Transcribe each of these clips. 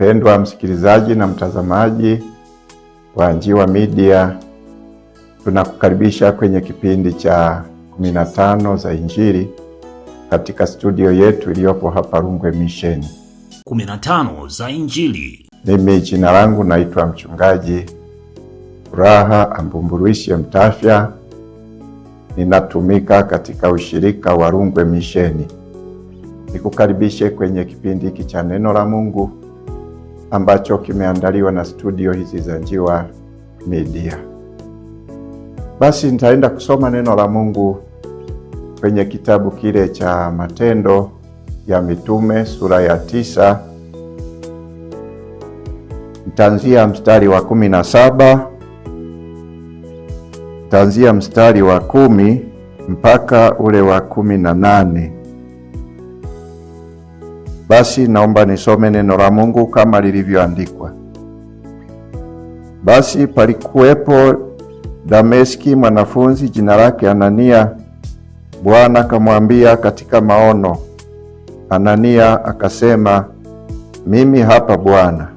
Mpendwa msikilizaji na mtazamaji wa Njiwa Media, tunakukaribisha kwenye kipindi cha 15 za Injili katika studio yetu iliyopo hapa Rungwe Mission. 15 za Injili. Mimi jina langu naitwa Mchungaji Furaha Ambumburuishe Mtafya, ninatumika katika ushirika wa Rungwe Mission. Nikukaribishe kwenye kipindi hiki cha neno la Mungu ambacho kimeandaliwa na studio hizi za Njiwa Media. Basi nitaenda kusoma neno la Mungu kwenye kitabu kile cha Matendo ya Mitume sura ya tisa. Nitaanzia mstari wa kumi na saba nitaanzia mstari wa kumi mpaka ule wa kumi na nane. Basi naomba nisome neno la Mungu kama lilivyoandikwa. Basi palikuwepo Dameski mwanafunzi jina lake Anania. Bwana akamwambia katika maono, Anania akasema, mimi hapa Bwana.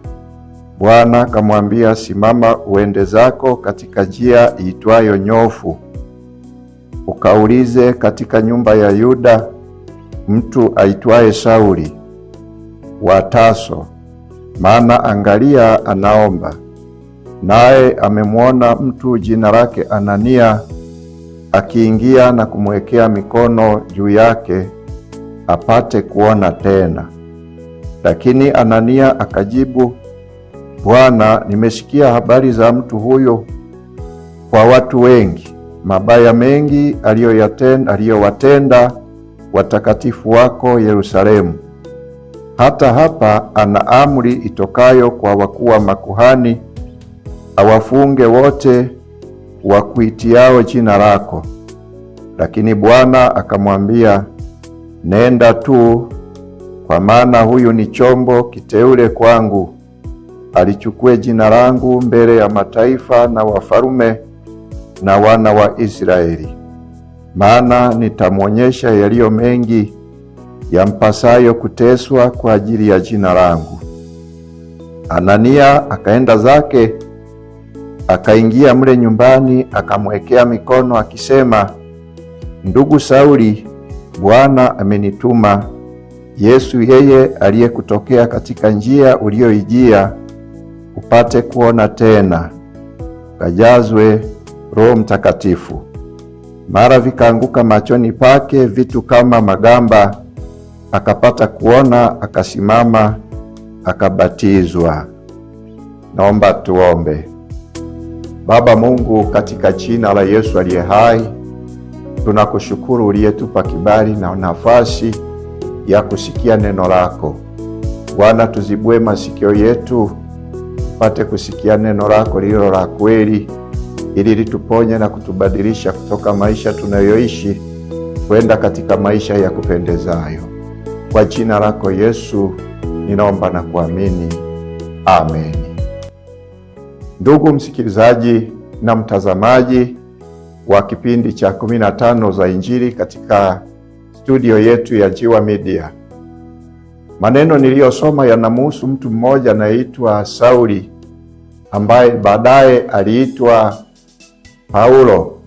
Bwana akamwambia, simama uende zako katika njia iitwayo Nyofu, ukaulize katika nyumba ya Yuda mtu aitwaye Sauli wataso maana angalia, anaomba naye amemwona mtu jina lake Anania akiingia na kumwekea mikono juu yake apate kuona tena. Lakini Anania akajibu, Bwana, nimesikia habari za mtu huyo kwa watu wengi, mabaya mengi aliyowatenda watakatifu wako Yerusalemu hata hapa ana amri itokayo kwa wakuu wa makuhani, awafunge wote wakuitiao jina lako. Lakini Bwana akamwambia, nenda tu, kwa maana huyu ni chombo kiteule kwangu, alichukue jina langu mbele ya mataifa na wafalume na wana wa Israeli, maana nitamwonyesha yaliyo mengi yampasayo kuteswa kwa ajili ya jina langu. Anania akaenda zake akaingia mle nyumbani, akamwekea mikono akisema, ndugu Sauli, Bwana amenituma Yesu, yeye aliyekutokea katika njia uliyoijia, upate kuona tena, ukajazwe Roho Mtakatifu. Mara vikaanguka machoni pake vitu kama magamba akapata kuona, akasimama, akabatizwa. Naomba tuombe. Baba Mungu, katika jina la Yesu aliye hai, tunakushukuru uliyetupa kibali na nafasi ya kusikia neno lako. Bwana, tuzibue masikio yetu tupate kusikia neno lako lililo la kweli, ili lituponye na kutubadilisha kutoka maisha tunayoishi kwenda katika maisha ya kupendezayo. Kwa jina lako Yesu ninaomba na kuamini, ameni. Ndugu msikilizaji na mtazamaji wa kipindi cha 15 za Injili katika studio yetu ya jiwa Media. Maneno niliyosoma yanamuhusu mtu mmoja anayeitwa Sauli ambaye baadaye aliitwa Paulo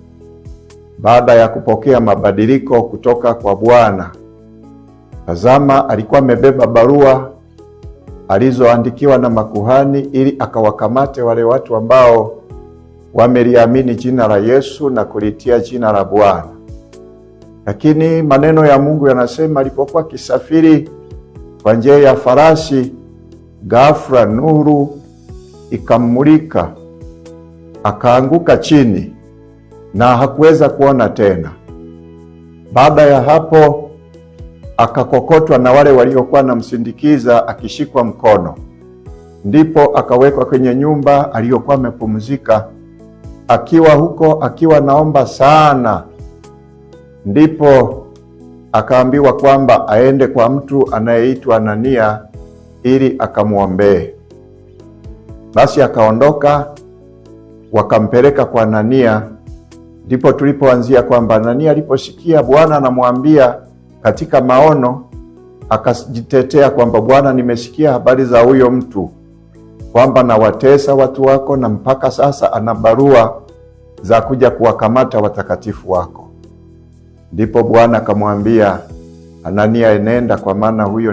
baada ya kupokea mabadiliko kutoka kwa Bwana. Tazama, alikuwa amebeba barua alizoandikiwa na makuhani ili akawakamate wale watu ambao wameliamini jina la Yesu na kulitia jina la Bwana. Lakini maneno ya Mungu yanasema alipokuwa akisafiri kwa njia ya farasi, ghafla nuru ikamulika akaanguka chini na hakuweza kuona tena. Baada ya hapo akakokotwa na wale waliokuwa anamsindikiza akishikwa mkono, ndipo akawekwa kwenye nyumba aliyokuwa amepumzika. Akiwa huko akiwa naomba sana, ndipo akaambiwa kwamba aende kwa mtu anayeitwa Anania ili akamwombee. Basi akaondoka, wakampeleka kwa Anania. Ndipo tulipoanzia kwamba Anania aliposikia Bwana anamwambia katika maono akajitetea kwamba Bwana, nimesikia habari za huyo mtu kwamba nawatesa watu wako, na mpaka sasa ana barua za kuja kuwakamata watakatifu wako. Ndipo Bwana akamwambia Anania, enenda, kwa maana huyo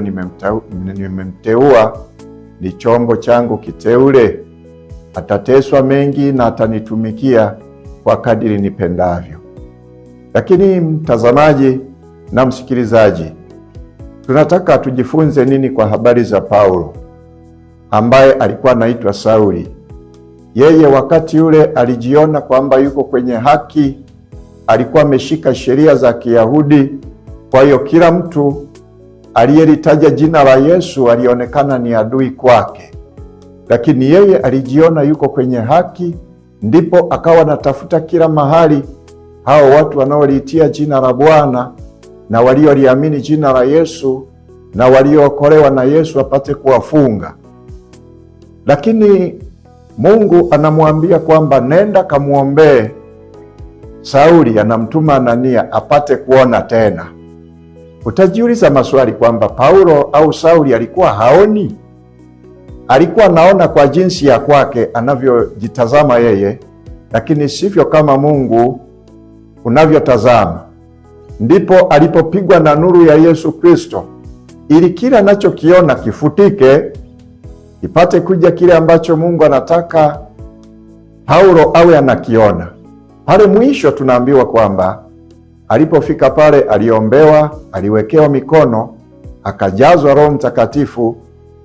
nimemteua, ni chombo changu kiteule, atateswa mengi na atanitumikia kwa kadiri nipendavyo. Lakini mtazamaji na msikilizaji, tunataka tujifunze nini kwa habari za Paulo ambaye alikuwa anaitwa Sauli? Yeye wakati ule alijiona kwamba yuko kwenye haki, alikuwa ameshika sheria za Kiyahudi. Kwa hiyo kila mtu aliyelitaja jina la Yesu alionekana ni adui kwake, lakini yeye alijiona yuko kwenye haki, ndipo akawa anatafuta kila mahali hao watu wanaoliitia jina la Bwana na walioliamini jina la Yesu na waliookolewa na Yesu apate kuwafunga. Lakini Mungu anamwambia kwamba nenda kamwombee Sauli, anamtuma Anania apate kuona tena. Utajiuliza maswali kwamba Paulo au Sauli alikuwa haoni? Alikuwa naona kwa jinsi ya kwake anavyojitazama yeye, lakini sivyo kama Mungu unavyotazama ndipo alipopigwa na nuru ya Yesu Kristo, ili kile anachokiona kifutike, ipate kuja kile ambacho Mungu anataka Paulo awe anakiona. Pale mwisho tunaambiwa kwamba alipofika pale, aliombewa, aliwekewa mikono, akajazwa Roho Mtakatifu,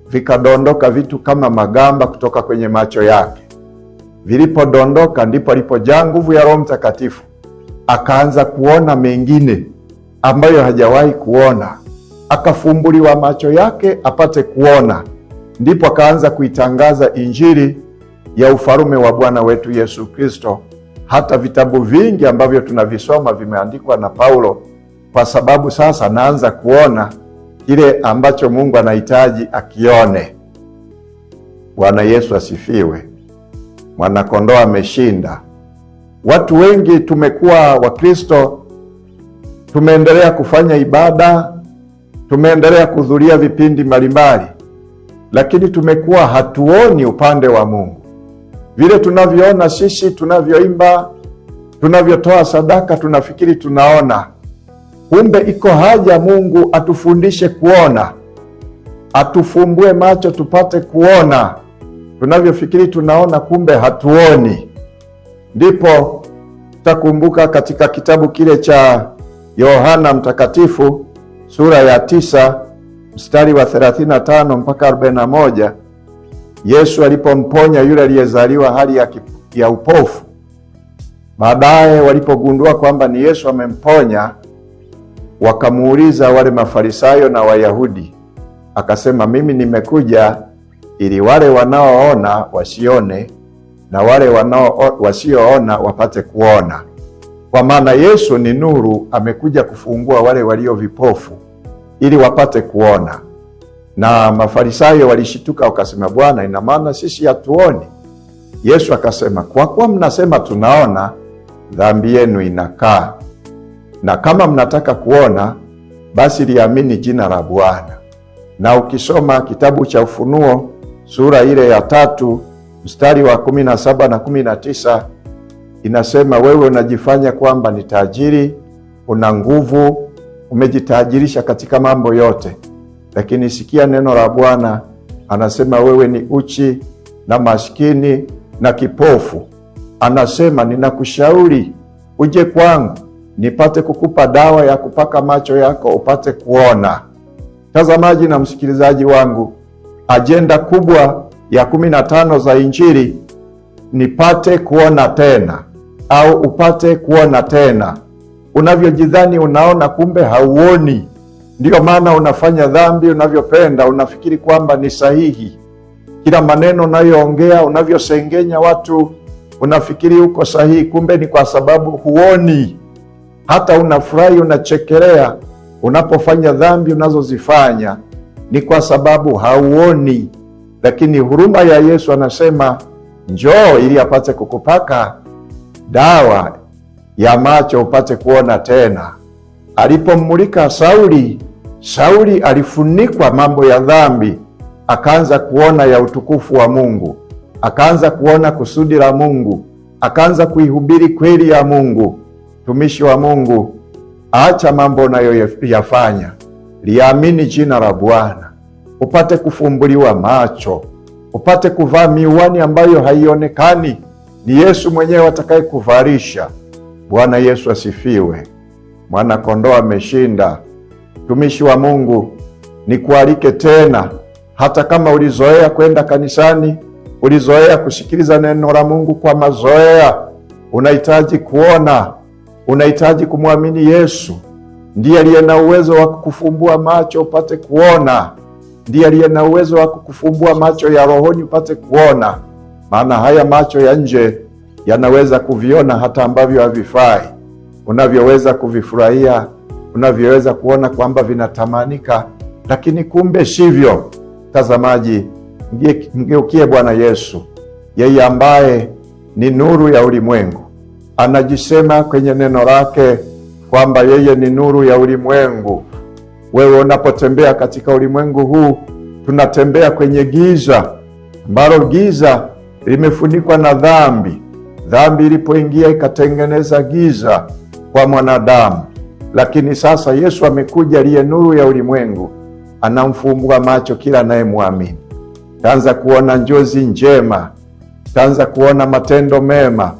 vikadondoka vitu kama magamba kutoka kwenye macho yake. Vilipodondoka ndipo alipojaa nguvu ya Roho Mtakatifu akaanza kuona mengine ambayo hajawahi kuona, akafumbuliwa macho yake apate kuona, ndipo akaanza kuitangaza injili ya ufalume wa Bwana wetu Yesu Kristo. Hata vitabu vingi ambavyo tunavisoma vimeandikwa na Paulo, kwa sababu sasa naanza kuona kile ambacho Mungu anahitaji akione. Bwana Yesu asifiwe. Mwanakondoo ameshinda. Watu wengi tumekuwa Wakristo, tumeendelea kufanya ibada, tumeendelea kuhudhuria vipindi mbalimbali, lakini tumekuwa hatuoni upande wa Mungu vile tunavyoona sisi, tunavyoimba, tunavyotoa sadaka, tunafikiri tunaona. Kumbe iko haja Mungu atufundishe kuona, atufumbue macho tupate kuona. Tunavyofikiri tunaona, kumbe hatuoni. Ndipo tutakumbuka katika kitabu kile cha Yohana Mtakatifu sura ya tisa mstari wa 35 mpaka 41, Yesu alipomponya yule aliyezaliwa hali ya, ya upofu. Baadaye walipogundua kwamba ni Yesu amemponya, wakamuuliza wale Mafarisayo na Wayahudi, akasema mimi nimekuja ili wale wanaoona wasione na wale wanao wasioona wapate kuona, kwa maana Yesu ni nuru, amekuja kufungua wale walio vipofu ili wapate kuona. Na Mafarisayo walishituka wakasema, Bwana, ina maana sisi hatuoni? Yesu akasema, kwa kuwa mnasema tunaona, dhambi yenu inakaa, na kama mnataka kuona, basi liamini jina la Bwana. Na ukisoma kitabu cha Ufunuo sura ile ya tatu mstari wa kumi na saba na kumi na tisa inasema, wewe unajifanya kwamba ni tajiri, una nguvu, umejitajirisha katika mambo yote, lakini sikia neno la Bwana, anasema wewe ni uchi na maskini na kipofu. Anasema ninakushauri uje kwangu nipate kukupa dawa ya kupaka macho yako upate kuona. Mtazamaji na msikilizaji wangu, ajenda kubwa ya kumi na tano za Injili, nipate kuona tena au upate kuona tena. Unavyojidhani unaona, kumbe hauoni. Ndiyo maana unafanya dhambi unavyopenda, unafikiri kwamba ni sahihi. Kila maneno unayoongea, unavyosengenya watu, unafikiri uko sahihi, kumbe ni kwa sababu huoni. Hata unafurahi, unachekelea unapofanya dhambi unazozifanya, ni kwa sababu hauoni. Lakini huruma ya Yesu anasema njoo ili apate kukupaka dawa ya macho upate kuona tena. Alipommulika Sauli, Sauli alifunikwa mambo ya dhambi, akaanza kuona ya utukufu wa Mungu, akaanza kuona kusudi la Mungu, akaanza kuihubiri kweli ya Mungu. Mtumishi wa Mungu, acha mambo unayoyafanya, liamini jina la Bwana upate kufumbuliwa macho, upate kuvaa miwani ambayo haionekani. Ni Yesu mwenyewe atakayekuvalisha. Bwana Yesu asifiwe. Mwana kondoo ameshinda. Mtumishi wa Mungu, nikualike tena, hata kama ulizoea kwenda kanisani, ulizoea kusikiliza neno la Mungu kwa mazoea, unahitaji kuona, unahitaji kumwamini Yesu. Ndiye aliye na uwezo wa kukufumbua macho upate kuona ndiye aliye na uwezo wa kukufumbua macho ya rohoni upate kuona, maana haya macho ya nje yanaweza kuviona hata ambavyo havifai. Unavyoweza kuvifurahia, unavyoweza kuona kwamba vinatamanika, lakini kumbe sivyo. Mtazamaji, mgeukie Bwana Yesu, yeye ambaye ni nuru ya ulimwengu. Anajisema kwenye neno lake kwamba yeye ni nuru ya ulimwengu. Wewe unapotembea katika ulimwengu huu, tunatembea kwenye giza ambalo giza limefunikwa na dhambi. Dhambi ilipoingia ikatengeneza giza kwa mwanadamu, lakini sasa Yesu amekuja, aliye nuru ya ulimwengu, anamfumbua macho kila anayemwamini. Taanza kuona njozi njema, taanza kuona matendo mema,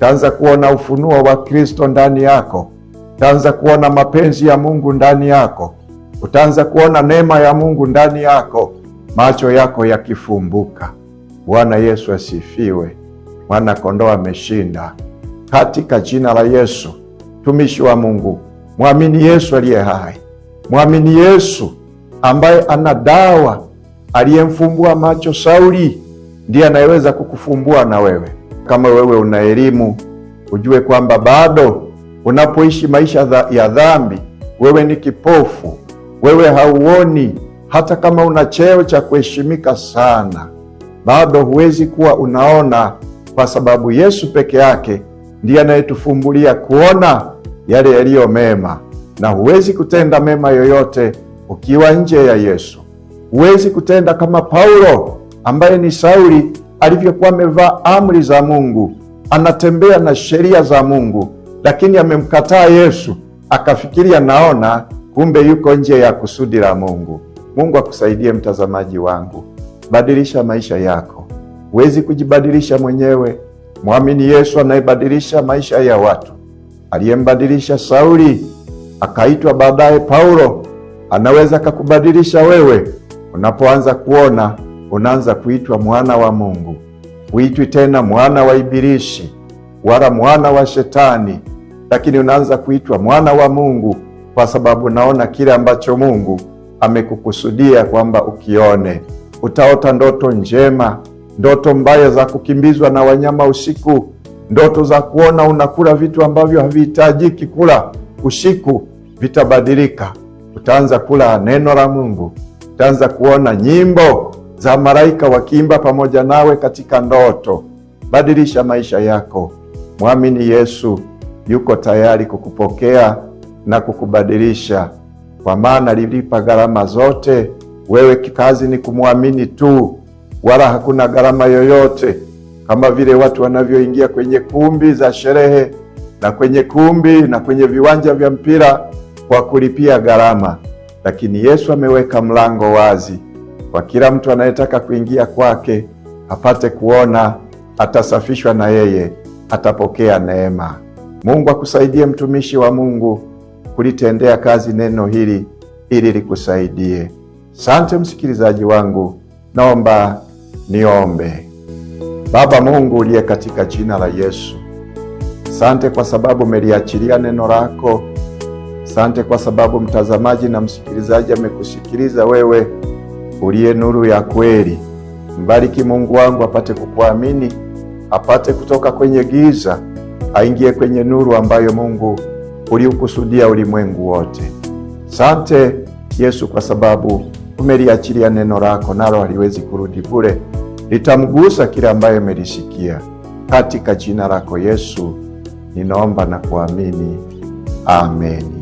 taanza kuona ufunuo wa Kristo ndani yako, taanza kuona mapenzi ya Mungu ndani yako utaanza kuona neema ya Mungu ndani yako, macho yako yakifumbuka. Bwana Yesu asifiwe. Mwana kondoo ameshinda katika jina la Yesu. Mtumishi wa Mungu, mwamini Yesu aliye hai, mwamini Yesu ambaye ana dawa. Aliyemfumbua macho Sauli ndiye anayeweza kukufumbua na wewe. Kama wewe una elimu, ujue kwamba bado unapoishi maisha ya dhambi, wewe ni kipofu wewe hauoni, hata kama una cheo cha kuheshimika sana, bado huwezi kuwa unaona, kwa sababu Yesu peke yake ndiye anayetufumbulia kuona yale yaliyo mema, na huwezi kutenda mema yoyote ukiwa nje ya Yesu. Huwezi kutenda kama Paulo ambaye ni Sauli alivyokuwa amevaa amri za Mungu, anatembea na sheria za Mungu, lakini amemkataa Yesu, akafikiria naona kumbe yuko nje ya kusudi la Mungu. Mungu akusaidie mtazamaji wangu, badilisha maisha yako. Huwezi kujibadilisha mwenyewe, mwamini Yesu anayebadilisha maisha ya watu. Aliyembadilisha Sauli akaitwa baadaye Paulo, anaweza akakubadilisha wewe. Unapoanza kuona, unaanza kuitwa mwana wa Mungu. Huitwi tena mwana wa Ibilishi wala mwana wa Shetani, lakini unaanza kuitwa mwana wa Mungu kwa sababu naona kile ambacho Mungu amekukusudia kwamba ukione. Utaota ndoto njema, ndoto mbaya za kukimbizwa na wanyama usiku, ndoto za kuona unakula vitu ambavyo havihitajiki kula usiku vitabadilika. Utaanza kula neno la Mungu, utaanza kuona nyimbo za malaika wakiimba pamoja nawe katika ndoto. Badilisha maisha yako, mwamini Yesu, yuko tayari kukupokea na kukubadilisha, kwa maana alilipa gharama zote. Wewe kikazi ni kumwamini tu, wala hakuna gharama yoyote, kama vile watu wanavyoingia kwenye kumbi za sherehe na kwenye kumbi na kwenye viwanja vya mpira kwa kulipia gharama, lakini Yesu ameweka mlango wazi kwa kila mtu anayetaka kuingia kwake apate kuona, atasafishwa na yeye atapokea neema. Mungu akusaidie mtumishi wa Mungu kulitendea kazi neno hili ili likusaidie. Sante msikilizaji wangu, naomba niombe. Baba Mungu uliye katika jina la Yesu, sante kwa sababu umeliachilia neno lako. Sante kwa sababu mtazamaji na msikilizaji amekusikiliza wewe uliye nuru ya kweli. Mbariki Mungu wangu apate kukuamini, apate kutoka kwenye giza aingie kwenye nuru ambayo Mungu uliokusudia ulimwengu wote. Sante Yesu, kwa sababu umeliachilia neno lako, nalo haliwezi kurudi bure, litamgusa kila ambayo amelisikia. Katika jina lako Yesu ninaomba na kuamini, amen.